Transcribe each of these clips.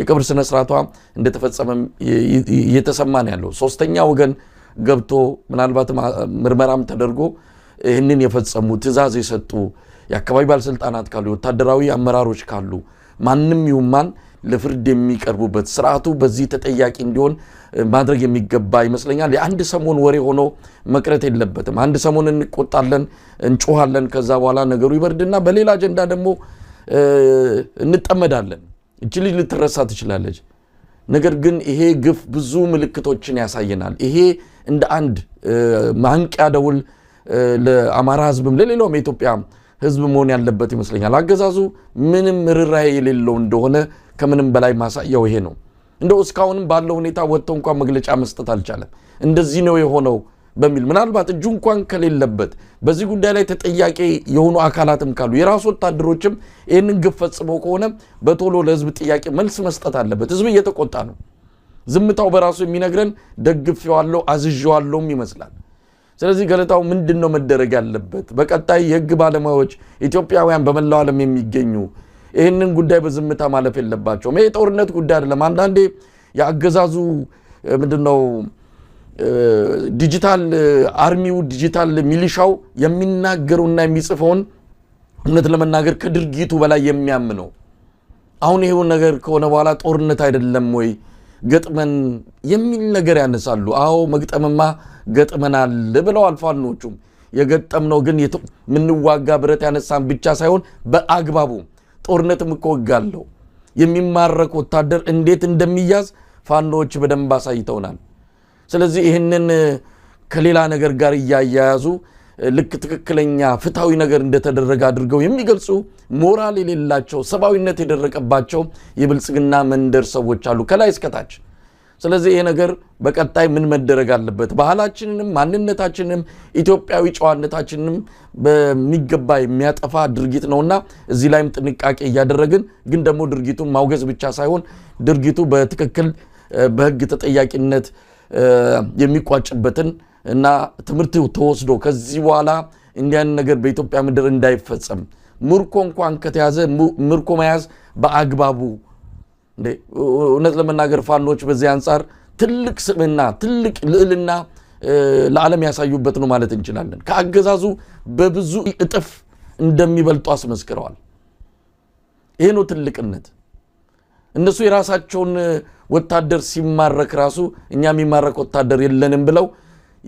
የቀብር ስነ ስርዓቷ እንደተፈጸመም እየተሰማ ነው ያለው። ሶስተኛ ወገን ገብቶ ምናልባትም ምርመራም ተደርጎ ይህንን የፈጸሙ ትዕዛዝ የሰጡ የአካባቢ ባለስልጣናት ካሉ፣ ወታደራዊ አመራሮች ካሉ ማንም ይሁን ማን ለፍርድ የሚቀርቡበት ስርዓቱ በዚህ ተጠያቂ እንዲሆን ማድረግ የሚገባ ይመስለኛል። የአንድ ሰሞን ወሬ ሆኖ መቅረት የለበትም። አንድ ሰሞን እንቆጣለን፣ እንጮኋለን። ከዛ በኋላ ነገሩ ይበርድና በሌላ አጀንዳ ደግሞ እንጠመዳለን። እች ልጅ ልትረሳ ትችላለች። ነገር ግን ይሄ ግፍ ብዙ ምልክቶችን ያሳየናል። ይሄ እንደ አንድ ማንቂያ ደውል ለአማራ ህዝብም ለሌላውም የኢትዮጵያ ህዝብ መሆን ያለበት ይመስለኛል። አገዛዙ ምንም ርራ የሌለው እንደሆነ ከምንም በላይ ማሳያው ይሄ ነው። እንደው እስካሁንም ባለው ሁኔታ ወጥተው እንኳን መግለጫ መስጠት አልቻለም። እንደዚህ ነው የሆነው በሚል ምናልባት እጁ እንኳን ከሌለበት በዚህ ጉዳይ ላይ ተጠያቂ የሆኑ አካላትም ካሉ የራሱ ወታደሮችም ይህንን ግፍ ፈጽመው ከሆነ በቶሎ ለህዝብ ጥያቄ መልስ መስጠት አለበት። ህዝብ እየተቆጣ ነው። ዝምታው በራሱ የሚነግረን ደግፌዋለሁ፣ አዝዤዋለሁም ይመስላል። ስለዚህ ገለታው ምንድን ነው መደረግ ያለበት? በቀጣይ የህግ ባለሙያዎች ኢትዮጵያውያን በመላው ዓለም የሚገኙ ይህንን ጉዳይ በዝምታ ማለፍ የለባቸውም። ይህ የጦርነት ጉዳይ አይደለም። አንዳንዴ የአገዛዙ ምንድን ነው ዲጂታል አርሚው ዲጂታል ሚሊሻው የሚናገረውና የሚጽፈውን እውነት ለመናገር ከድርጊቱ በላይ የሚያምነው አሁን ይሄው ነገር ከሆነ በኋላ ጦርነት አይደለም ወይ ገጥመን የሚል ነገር ያነሳሉ። አዎ መግጠምማ ገጥመናል ብለዋል ፋኖቹም። የገጠምነው ግን የምንዋጋ ብረት ያነሳን ብቻ ሳይሆን በአግባቡ ጦርነትም እወጋለሁ የሚማረክ ወታደር እንዴት እንደሚያዝ ፋኖዎች በደንብ አሳይተውናል። ስለዚህ ይህንን ከሌላ ነገር ጋር እያያያዙ ልክ ትክክለኛ ፍትሐዊ ነገር እንደተደረገ አድርገው የሚገልጹ ሞራል የሌላቸው ሰብአዊነት የደረቀባቸው የብልጽግና መንደር ሰዎች አሉ ከላይ እስከታች። ስለዚህ ይሄ ነገር በቀጣይ ምን መደረግ አለበት? ባህላችንንም ማንነታችንንም ኢትዮጵያዊ ጨዋነታችንንም በሚገባ የሚያጠፋ ድርጊት ነውና እዚህ ላይም ጥንቃቄ እያደረግን ግን ደግሞ ድርጊቱን ማውገዝ ብቻ ሳይሆን ድርጊቱ በትክክል በሕግ ተጠያቂነት የሚቋጭበትን እና ትምህርት ተወስዶ ከዚህ በኋላ እንዲያን ነገር በኢትዮጵያ ምድር እንዳይፈጸም ምርኮ እንኳን ከተያዘ ምርኮ መያዝ በአግባቡ እውነት ለመናገር ፋኖች በዚህ አንጻር ትልቅ ስምና ትልቅ ልዕልና ለዓለም ያሳዩበት ነው ማለት እንችላለን። ከአገዛዙ በብዙ እጥፍ እንደሚበልጡ አስመስክረዋል። ይሄ ነው ትልቅነት። እነሱ የራሳቸውን ወታደር ሲማረክ ራሱ እኛ የሚማረክ ወታደር የለንም ብለው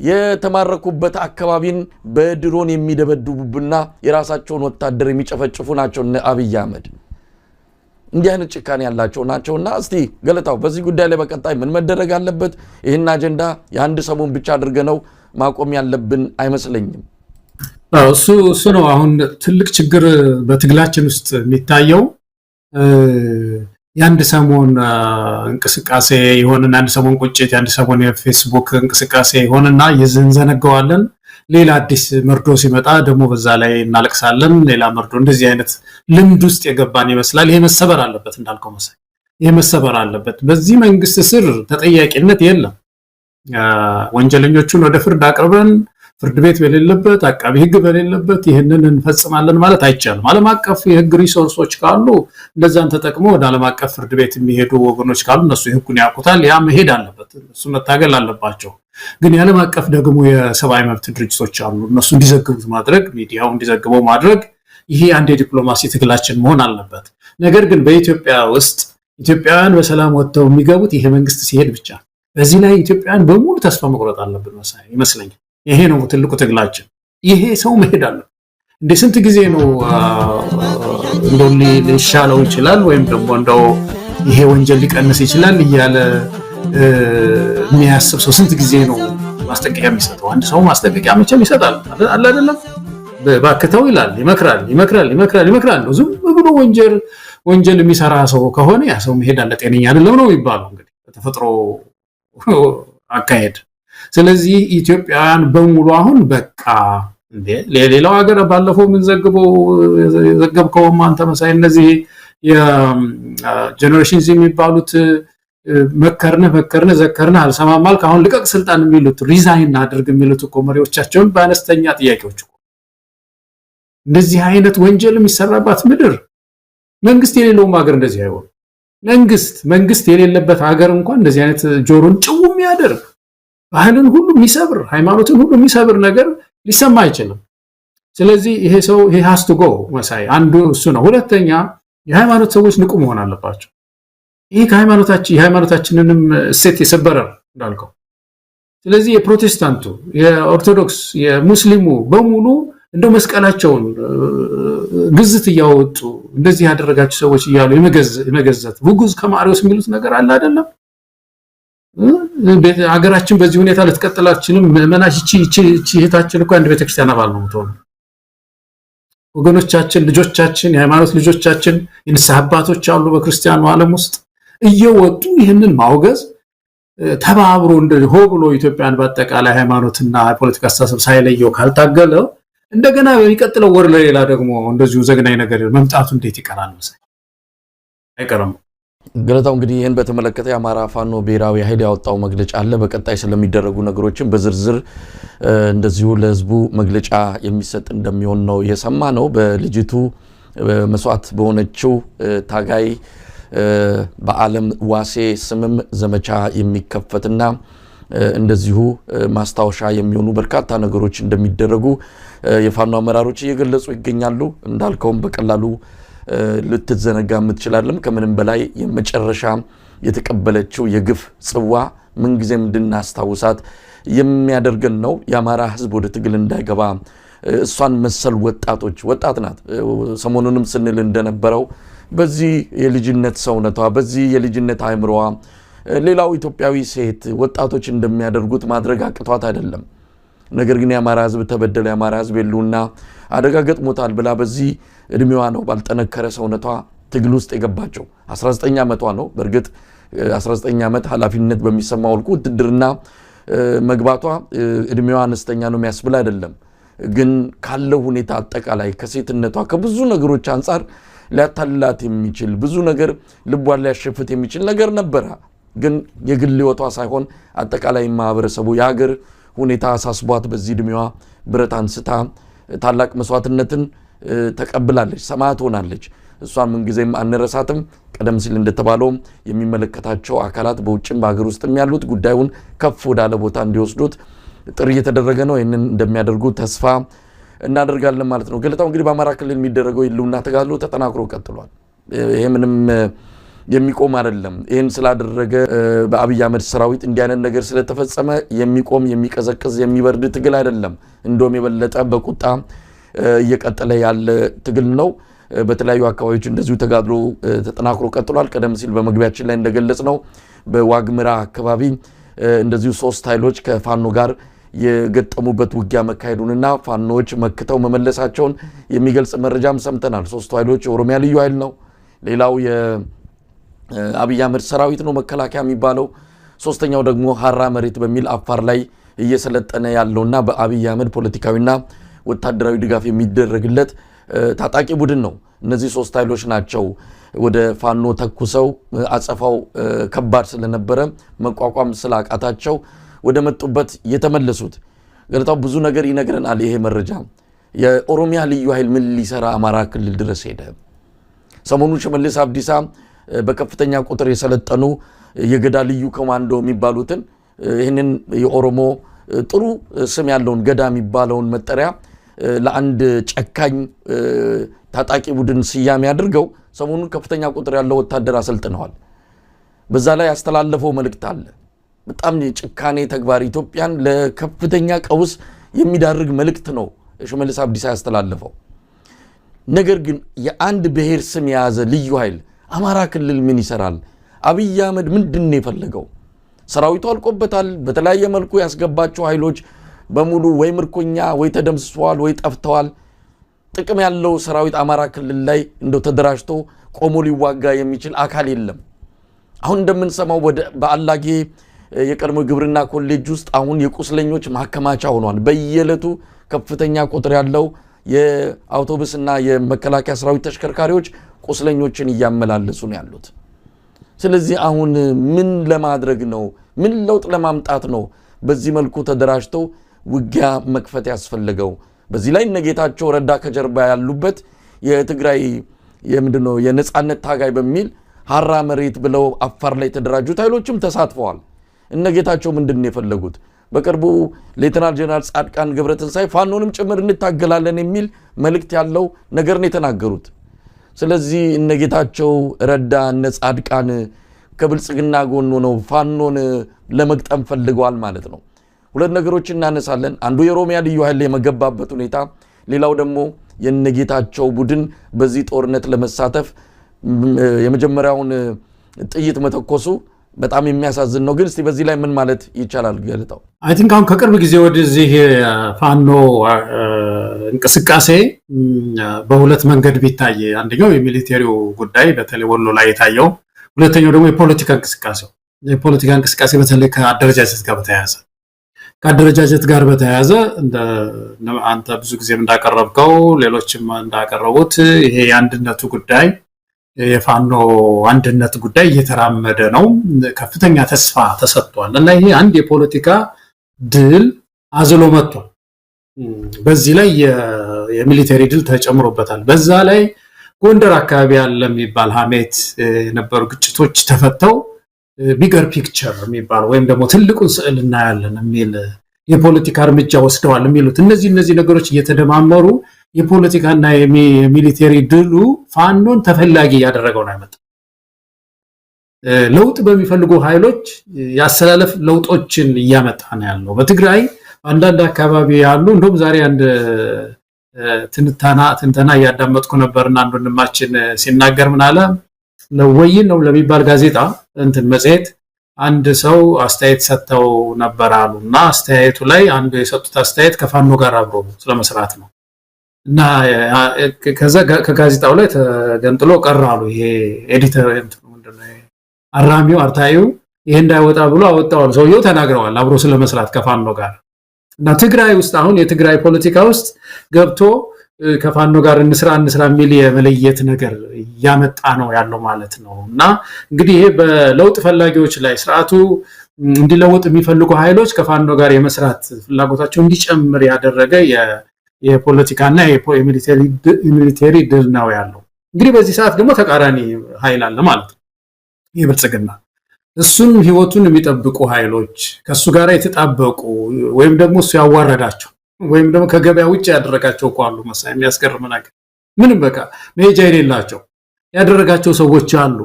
የተማረኩበት አካባቢን በድሮን የሚደበድቡብና የራሳቸውን ወታደር የሚጨፈጭፉ ናቸው አብይ አህመድ። እንዲህ አይነት ጭካኔ ያላቸው ናቸውና እስቲ ገለታው በዚህ ጉዳይ ላይ በቀጣይ ምን መደረግ አለበት? ይህን አጀንዳ የአንድ ሰሞን ብቻ አድርገ ነው ማቆም ያለብን አይመስለኝም። እሱ እሱ ነው አሁን ትልቅ ችግር በትግላችን ውስጥ የሚታየው። የአንድ ሰሞን እንቅስቃሴ የሆነና አንድ ሰሞን ቁጭት፣ የአንድ ሰሞን የፌስቡክ እንቅስቃሴ የሆነና እንዘነገዋለን። ሌላ አዲስ መርዶ ሲመጣ ደግሞ በዛ ላይ እናለቅሳለን። ሌላ መርዶ፣ እንደዚህ አይነት ልምድ ውስጥ የገባን ይመስላል። ይሄ መሰበር አለበት እንዳልከው መሰለኝ፣ ይሄ መሰበር አለበት። በዚህ መንግስት ስር ተጠያቂነት የለም። ወንጀለኞቹን ወደ ፍርድ አቅርበን ፍርድ ቤት በሌለበት አቃቢ ህግ በሌለበት ይህንን እንፈጽማለን ማለት አይቻልም። ዓለም አቀፍ የህግ ሪሶርሶች ካሉ እነዛን ተጠቅሞ ወደ ዓለም አቀፍ ፍርድ ቤት የሚሄዱ ወገኖች ካሉ እነሱ ህጉን ያውቁታል። ያ መሄድ አለበት፣ እሱ መታገል አለባቸው። ግን የዓለም አቀፍ ደግሞ የሰብአዊ መብት ድርጅቶች አሉ። እነሱ እንዲዘግቡት ማድረግ፣ ሚዲያው እንዲዘግበው ማድረግ፣ ይሄ አንድ የዲፕሎማሲ ትግላችን መሆን አለበት። ነገር ግን በኢትዮጵያ ውስጥ ኢትዮጵያውያን በሰላም ወጥተው የሚገቡት ይሄ መንግስት ሲሄድ ብቻ። በዚህ ላይ ኢትዮጵያውያን በሙሉ ተስፋ መቁረጥ አለብን ይመስለኛል። ይሄ ነው ትልቁ ትግላችን። ይሄ ሰው መሄድ አለ እንደ ስንት ጊዜ ነው እንደው ሊሻለው ይችላል ወይም ደግሞ እንደው ይሄ ወንጀል ሊቀንስ ይችላል እያለ የሚያስብ ሰው ስንት ጊዜ ነው ማስጠንቀቂያ የሚሰጠው? አንድ ሰው ማስጠንቀቂያ መቼም ይሰጣል አለ አይደለም። ባክተው ይላል፣ ይመክራል፣ ይመክራል፣ ይመክራል፣ ይመክራል። ዝም ብሎ ወንጀል ወንጀል የሚሰራ ሰው ከሆነ ያ ሰው መሄድ አለ። ጤነኛ አይደለም ነው የሚባለው እንግዲህ በተፈጥሮ አካሄድ ስለዚህ ኢትዮጵያውያን በሙሉ አሁን በቃ ሌላው ሀገር ባለፈው የምንዘግበው የዘገብከውም አንተ መሳይ እነዚህ የጀኔሬሽንስ የሚባሉት መከርነ መከርነ ዘከርነ አልሰማም አልክ አሁን ልቀቅ ስልጣን የሚሉት ሪዛይን አድርግ የሚሉት እኮ መሪዎቻቸውን በአነስተኛ ጥያቄዎች እንደዚህ አይነት ወንጀል የሚሰራባት ምድር መንግስት የሌለውም ሀገር እንደዚህ አይሆን መንግስት መንግስት የሌለበት ሀገር እንኳን እንደዚህ አይነት ጆሮን ጭው የሚያደርግ ባህልን ሁሉ የሚሰብር ሃይማኖትን ሁሉ የሚሰብር ነገር ሊሰማ አይችልም። ስለዚህ ይሄ ሰው ይሄ ሀስቱ ጎ መሳይ አንዱ እሱ ነው። ሁለተኛ የሃይማኖት ሰዎች ንቁ መሆን አለባቸው። ይህ ከሃይማኖታችን የሃይማኖታችንንም እሴት የሰበረ እንዳልከው። ስለዚህ የፕሮቴስታንቱ፣ የኦርቶዶክስ፣ የሙስሊሙ በሙሉ እንደው መስቀላቸውን ግዝት እያወጡ እንደዚህ ያደረጋቸው ሰዎች እያሉ የመገዘት ውጉዝ ከማሪዎስ የሚሉት ነገር አለ አይደለም ሀገራችን በዚህ ሁኔታ ልትቀጥል አትችልም። ምዕመናሽ እቺ እህታችን እኮ አንድ ቤተክርስቲያን አባል ነው የምትሆነው። ወገኖቻችን፣ ልጆቻችን፣ የሃይማኖት ልጆቻችን፣ የንስሐ አባቶች አሉ በክርስቲያኑ ዓለም ውስጥ እየወጡ ይህንን ማውገዝ ተባብሮ ሆ ብሎ ኢትዮጵያን በአጠቃላይ ሃይማኖትና ፖለቲካ አስተሳሰብ ሳይለየው ካልታገለ እንደገና በሚቀጥለው ወር ለሌላ ደግሞ እንደዚሁ ዘግናኝ ነገር መምጣቱ እንዴት ይቀራል? አይቀርም። ገለታው እንግዲህ ይህን በተመለከተ የአማራ ፋኖ ብሔራዊ ኃይል ያወጣው መግለጫ አለ። በቀጣይ ስለሚደረጉ ነገሮችን በዝርዝር እንደዚሁ ለህዝቡ መግለጫ የሚሰጥ እንደሚሆን ነው የሰማ ነው። በልጅቱ መስዋዕት በሆነችው ታጋይ በዓለም ዋሴ ስምም ዘመቻ የሚከፈትና እንደዚሁ ማስታወሻ የሚሆኑ በርካታ ነገሮች እንደሚደረጉ የፋኖ አመራሮች እየገለጹ ይገኛሉ። እንዳልከውም በቀላሉ ልትዘነጋ የምትችላለም። ከምንም በላይ የመጨረሻ የተቀበለችው የግፍ ጽዋ ምንጊዜም እንድናስታውሳት የሚያደርገን ነው። የአማራ ሕዝብ ወደ ትግል እንዳይገባ እሷን መሰል ወጣቶች ወጣት ናት። ሰሞኑንም ስንል እንደነበረው በዚህ የልጅነት ሰውነቷ፣ በዚህ የልጅነት አእምሮዋ ሌላው ኢትዮጵያዊ ሴት ወጣቶች እንደሚያደርጉት ማድረግ አቅቷት አይደለም። ነገር ግን የአማራ ሕዝብ ተበደለ። የአማራ ሕዝብ የሉና አደጋ ገጥሞታል ብላ በዚህ እድሜዋ ነው ባልጠነከረ ሰውነቷ ትግል ውስጥ የገባቸው 19 ዓመቷ ነው። በእርግጥ 19 ዓመት ኃላፊነት በሚሰማው ልኩ ውትድርና መግባቷ እድሜዋ አነስተኛ ነው የሚያስብል አይደለም። ግን ካለው ሁኔታ አጠቃላይ ከሴትነቷ ከብዙ ነገሮች አንጻር ሊያታልላት የሚችል ብዙ ነገር ልቧን ሊያሸፍት የሚችል ነገር ነበረ። ግን የግል ሕይወቷ ሳይሆን አጠቃላይ ማህበረሰቡ፣ የሀገር ሁኔታ አሳስቧት በዚህ እድሜዋ ብረት አንስታ ታላቅ መስዋዕትነትን ተቀብላለች፣ ሰማዕት ሆናለች። እሷን ምንጊዜም አንረሳትም። ቀደም ሲል እንደተባለውም የሚመለከታቸው አካላት በውጭም በሀገር ውስጥም ያሉት ጉዳዩን ከፍ ወዳለ ቦታ እንዲወስዱት ጥሪ እየተደረገ ነው። ይህንን እንደሚያደርጉ ተስፋ እናደርጋለን ማለት ነው። ገለጣው እንግዲህ በአማራ ክልል የሚደረገው የህልውና ተጋድሎ ተጠናክሮ ቀጥሏል። ይሄ ምንም የሚቆም አይደለም። ይህን ስላደረገ በአብይ አህመድ ሰራዊት እንዲህ ነገር ስለተፈጸመ የሚቆም የሚቀዘቅዝ የሚበርድ ትግል አይደለም። እንደውም የበለጠ በቁጣ እየቀጠለ ያለ ትግል ነው። በተለያዩ አካባቢዎች እንደዚሁ ተጋድሎ ተጠናክሮ ቀጥሏል። ቀደም ሲል በመግቢያችን ላይ እንደገለጽ ነው በዋግምራ አካባቢ እንደዚሁ ሶስት ኃይሎች ከፋኖ ጋር የገጠሙበት ውጊያ መካሄዱንና ፋኖዎች መክተው መመለሳቸውን የሚገልጽ መረጃም ሰምተናል። ሶስቱ ኃይሎች የኦሮሚያ ልዩ ኃይል ነው። ሌላው አብይ አህመድ ሰራዊት ነው መከላከያ የሚባለው። ሶስተኛው ደግሞ ሀራ መሬት በሚል አፋር ላይ እየሰለጠነ ያለውና በአብይ አህመድ ፖለቲካዊና ወታደራዊ ድጋፍ የሚደረግለት ታጣቂ ቡድን ነው። እነዚህ ሶስት ኃይሎች ናቸው ወደ ፋኖ ተኩሰው አጸፋው ከባድ ስለነበረ መቋቋም ስላቃታቸው ወደ መጡበት የተመለሱት። ገለታው ብዙ ነገር ይነግረናል። ይሄ መረጃ የኦሮሚያ ልዩ ኃይል ምን ሊሰራ አማራ ክልል ድረስ ሄደ? ሰሞኑን ሽመልስ አብዲሳ በከፍተኛ ቁጥር የሰለጠኑ የገዳ ልዩ ኮማንዶ የሚባሉትን ይህንን የኦሮሞ ጥሩ ስም ያለውን ገዳ የሚባለውን መጠሪያ ለአንድ ጨካኝ ታጣቂ ቡድን ስያሜ አድርገው ሰሞኑን ከፍተኛ ቁጥር ያለው ወታደር አሰልጥነዋል። በዛ ላይ ያስተላለፈው መልእክት አለ። በጣም ጭካኔ ተግባር ኢትዮጵያን ለከፍተኛ ቀውስ የሚዳርግ መልእክት ነው ሽመልስ አብዲሳ ያስተላለፈው። ነገር ግን የአንድ ብሔር ስም የያዘ ልዩ ኃይል አማራ ክልል ምን ይሰራል? አብይ አህመድ ምንድን ነው የፈለገው? ሰራዊቱ አልቆበታል። በተለያየ መልኩ ያስገባቸው ኃይሎች በሙሉ ወይ ምርኮኛ ወይ ተደምስሰዋል ወይ ጠፍተዋል። ጥቅም ያለው ሰራዊት አማራ ክልል ላይ እንደው ተደራጅቶ ቆሞ ሊዋጋ የሚችል አካል የለም። አሁን እንደምንሰማው በአላጌ የቀድሞ ግብርና ኮሌጅ ውስጥ አሁን የቁስለኞች ማከማቻ ሆኗል። በየዕለቱ ከፍተኛ ቁጥር ያለው የአውቶቡስና የመከላከያ ሰራዊት ተሽከርካሪዎች ቁስለኞችን እያመላለሱ ነው ያሉት። ስለዚህ አሁን ምን ለማድረግ ነው? ምን ለውጥ ለማምጣት ነው? በዚህ መልኩ ተደራጅተው ውጊያ መክፈት ያስፈለገው? በዚህ ላይ እነ ጌታቸው ረዳ ከጀርባ ያሉበት የትግራይ የምንድነው የነፃነት ታጋይ በሚል ሀራ መሬት ብለው አፋር ላይ የተደራጁት ኃይሎችም ተሳትፈዋል። እነ ጌታቸው ምንድን ነው የፈለጉት? በቅርቡ ሌተናል ጀነራል ጻድቃን ገብረትንሳኤ ፋኖንም ጭምር እንታገላለን የሚል መልእክት ያለው ነገር ነው የተናገሩት። ስለዚህ እነ ጌታቸው ረዳ እነ ጻድቃን ከብልጽግና ጎን ሆነው ፋኖን ለመግጠም ፈልገዋል ማለት ነው። ሁለት ነገሮች እናነሳለን። አንዱ የኦሮሚያ ልዩ ኃይል የመገባበት ሁኔታ፣ ሌላው ደግሞ የነጌታቸው ቡድን በዚህ ጦርነት ለመሳተፍ የመጀመሪያውን ጥይት መተኮሱ በጣም የሚያሳዝን ነው። ግን እስቲ በዚህ ላይ ምን ማለት ይቻላል? ገልጠው አይ ቲንክ አሁን ከቅርብ ጊዜ ወደዚህ ፋኖ እንቅስቃሴ በሁለት መንገድ ቢታይ፣ አንደኛው የሚሊቴሪው ጉዳይ በተለይ ወሎ ላይ የታየው፣ ሁለተኛው ደግሞ የፖለቲካ እንቅስቃሴው። የፖለቲካ እንቅስቃሴ በተለይ ከአደረጃጀት ጋር በተያያዘ ከአደረጃጀት ጋር በተያያዘ አንተ ብዙ ጊዜም እንዳቀረብከው ሌሎችም እንዳቀረቡት ይሄ የአንድነቱ ጉዳይ የፋኖ አንድነት ጉዳይ እየተራመደ ነው። ከፍተኛ ተስፋ ተሰጥቷል እና ይሄ አንድ የፖለቲካ ድል አዝሎ መጥቷል። በዚህ ላይ የሚሊተሪ ድል ተጨምሮበታል። በዛ ላይ ጎንደር አካባቢ ያለ የሚባል ሀሜት የነበሩ ግጭቶች ተፈተው ቢገር ፒክቸር የሚባል ወይም ደግሞ ትልቁን ስዕል እናያለን የሚል የፖለቲካ እርምጃ ወስደዋል የሚሉት እነዚህ እነዚህ ነገሮች እየተደማመሩ የፖለቲካና የሚሊቴሪ ድሉ ፋኖን ተፈላጊ እያደረገው ነው ያመጣው። ለውጥ በሚፈልጉ ኃይሎች የአሰላለፍ ለውጦችን እያመጣ ነው ያለው። በትግራይ አንዳንድ አካባቢ ያሉ እንደውም ዛሬ አንድ ትንተና እያዳመጥኩ ነበርና አንድ ወንድማችን ሲናገር ምን አለ፣ ለወይን ነው ለሚባል ጋዜጣ እንትን መጽሔት አንድ ሰው አስተያየት ሰጥተው ነበር አሉ እና አስተያየቱ ላይ አንዱ የሰጡት አስተያየት ከፋኖ ጋር አብሮ ስለመስራት ነው እና ከዛ ከጋዜጣው ላይ ተገንጥሎ ቀረ አሉ። ይሄ ኤዲተር አራሚው አርታዩ ይሄ እንዳይወጣ ብሎ አወጣዋሉ። ሰውየው ተናግረዋል። አብሮ ስለመስራት ከፋኖ ጋር እና ትግራይ ውስጥ አሁን የትግራይ ፖለቲካ ውስጥ ገብቶ ከፋኖ ጋር እንስራ እንስራ የሚል የመለየት ነገር እያመጣ ነው ያለው ማለት ነው። እና እንግዲህ ይሄ በለውጥ ፈላጊዎች ላይ ስርዓቱ እንዲለወጥ የሚፈልጉ ኃይሎች ከፋኖ ጋር የመስራት ፍላጎታቸው እንዲጨምር ያደረገ የፖለቲካና የሚሊቴሪ ድል ነው ያለው። እንግዲህ በዚህ ሰዓት ደግሞ ተቃራኒ ኃይል አለ ማለት ነው የብልጽግና እሱን ህይወቱን የሚጠብቁ ኃይሎች ከእሱ ጋር የተጣበቁ ወይም ደግሞ እሱ ያዋረዳቸው ወይም ደግሞ ከገበያ ውጭ ያደረጋቸው እኮ አሉ። መሳ የሚያስገርም ነገር ምንም በቃ መሄጃ የሌላቸው ያደረጋቸው ሰዎች አሉ።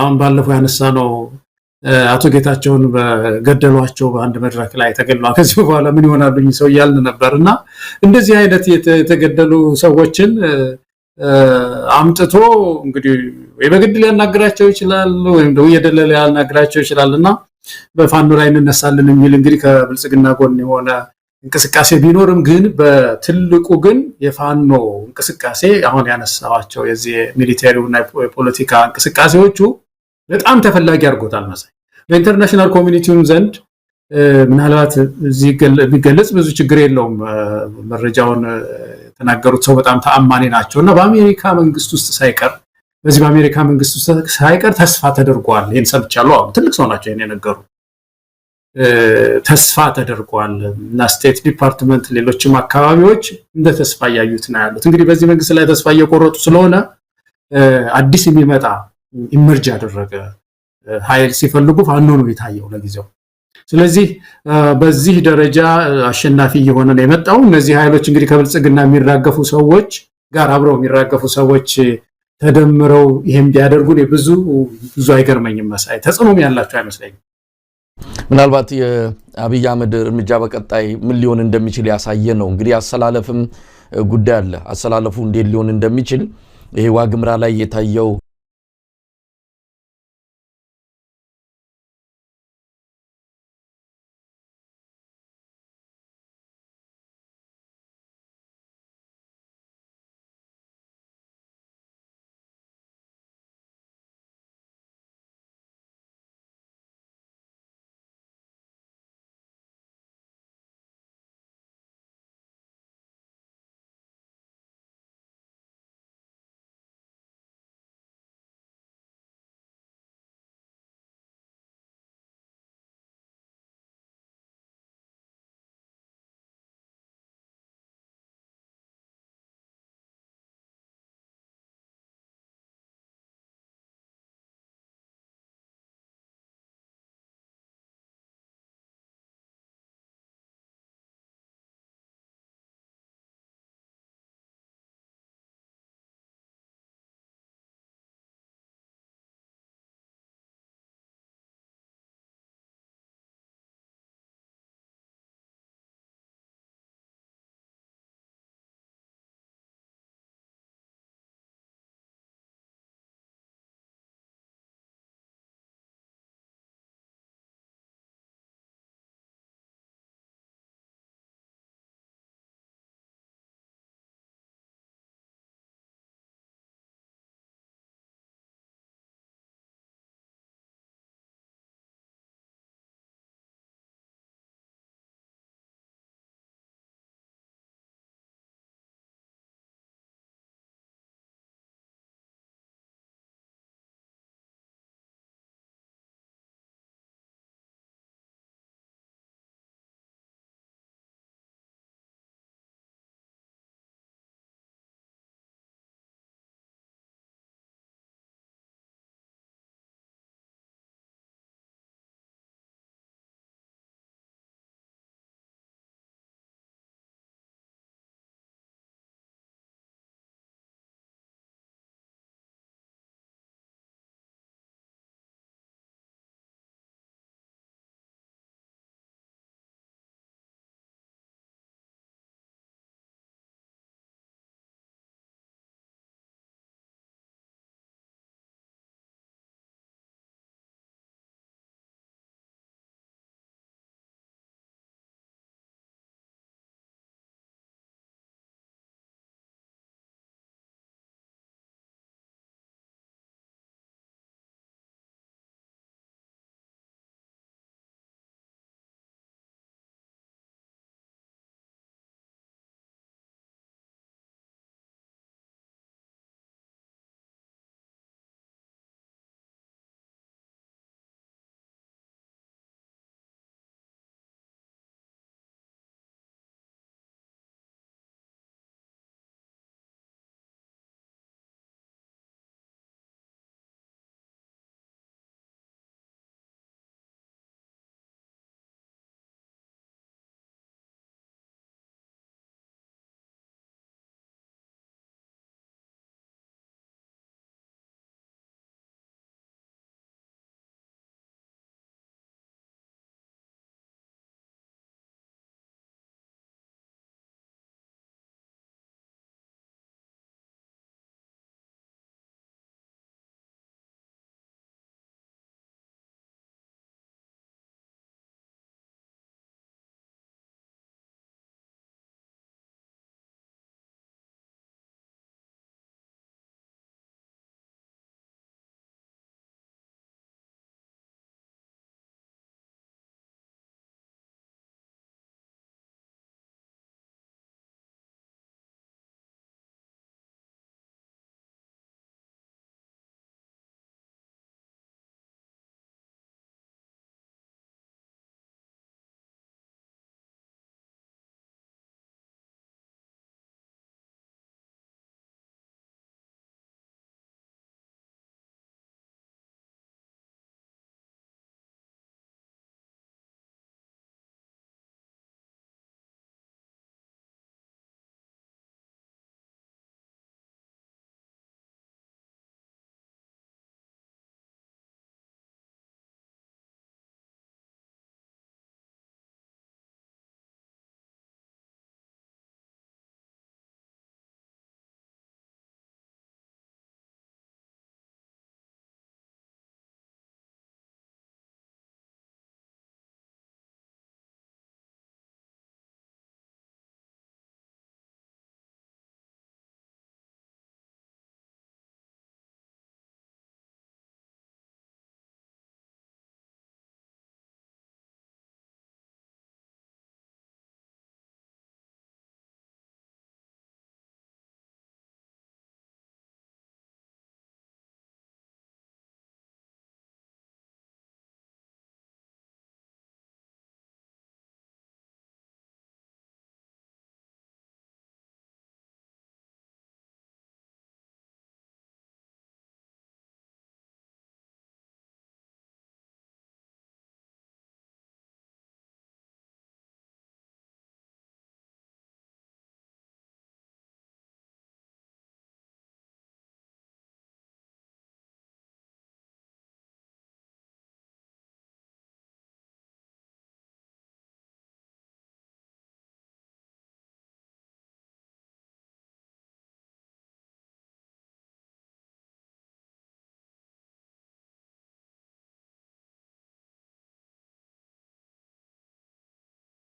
አሁን ባለፈው ያነሳ ነው አቶ ጌታቸውን በገደሏቸው በአንድ መድረክ ላይ ተገድሏል። ከዚህ በኋላ ምን ይሆናሉኝ ሰው እያልን ነበር እና እንደዚህ አይነት የተገደሉ ሰዎችን አምጥቶ እንግዲህ ወይ በግድ ሊያናግራቸው ይችላል ወይም ደግሞ የደለለ ሊያናግራቸው ይችላል እና በፋኖ ላይ እንነሳለን የሚል እንግዲህ ከብልጽግና ጎን የሆነ እንቅስቃሴ ቢኖርም ግን በትልቁ ግን የፋኖ እንቅስቃሴ አሁን ያነሳዋቸው የዚህ ሚሊቴሪው እና የፖለቲካ እንቅስቃሴዎቹ በጣም ተፈላጊ አድርጎታል መሳይ በኢንተርናሽናል ኮሚኒቲውም ዘንድ ምናልባት እዚህ ቢገለጽ ብዙ ችግር የለውም። መረጃውን የተናገሩት ሰው በጣም ተአማኒ ናቸው እና በአሜሪካ መንግስት ውስጥ ሳይቀር በዚህ በአሜሪካ መንግስት ውስጥ ሳይቀር ተስፋ ተደርጓል። ይህን ሰምቻለሁ። አሁን ትልቅ ሰው ናቸው ይህን የነገሩ። ተስፋ ተደርጓል እና ስቴት ዲፓርትመንት፣ ሌሎችም አካባቢዎች እንደ ተስፋ እያዩት ነው ያሉት። እንግዲህ በዚህ መንግስት ላይ ተስፋ እየቆረጡ ስለሆነ አዲስ የሚመጣ ኢመርጅ ያደረገ ኃይል ሲፈልጉ ፋኖ ነው የታየው ለጊዜው። ስለዚህ በዚህ ደረጃ አሸናፊ እየሆነ ነው የመጣው። እነዚህ ኃይሎች እንግዲህ ከብልጽግና የሚራገፉ ሰዎች ጋር አብረው የሚራገፉ ሰዎች ተደምረው ይህም ቢያደርጉ ብዙ ብዙ አይገርመኝም። መሳይ ተጽዕኖም ያላቸው አይመስለኝም። ምናልባት የአብይ አህመድ እርምጃ በቀጣይ ምን ሊሆን እንደሚችል ያሳየ ነው። እንግዲህ አሰላለፍም ጉዳይ አለ። አሰላለፉ እንዴት ሊሆን እንደሚችል ይሄ ዋግምራ ላይ የታየው